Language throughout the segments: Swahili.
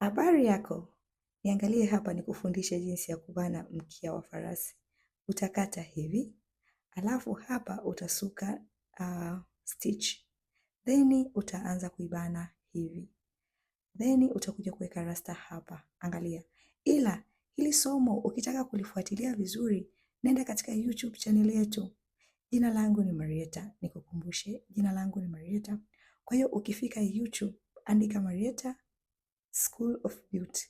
Habari yako, niangalie hapa nikufundishe jinsi ya kubana mkia wa farasi. Utakata hivi, alafu hapa utasuka uh, stitch, then utaanza kuibana hivi, then utakuja kuweka rasta hapa. Angalia, ila hili somo ukitaka kulifuatilia vizuri, nenda katika YouTube channel yetu. Jina langu ni Marieta, nikukumbushe, jina langu ni Marieta. Kwa hiyo ukifika YouTube andika Marieta School of Beauty.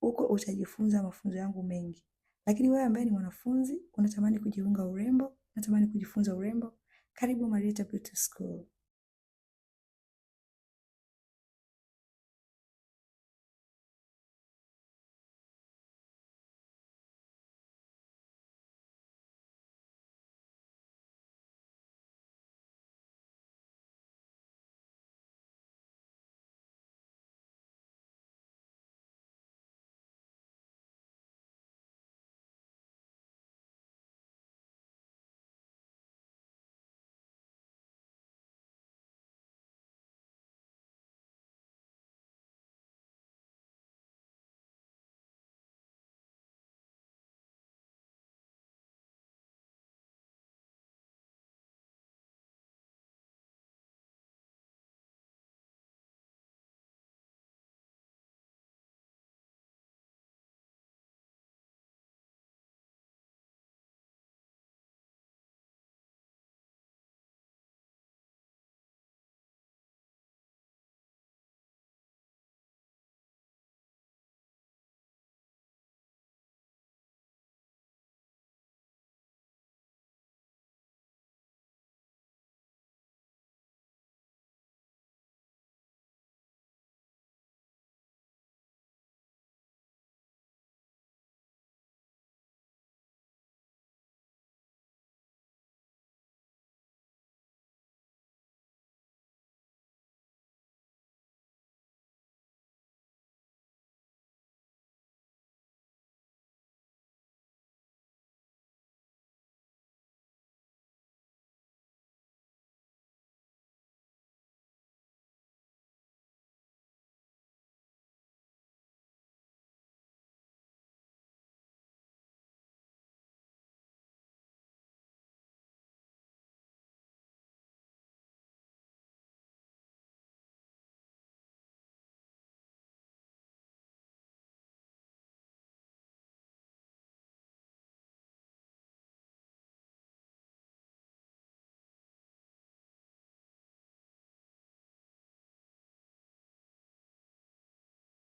Huko utajifunza mafunzo yangu mengi. Lakini wewe ambaye ni mwanafunzi, unatamani kujiunga urembo, unatamani kujifunza urembo, karibu Marietha Beauty School.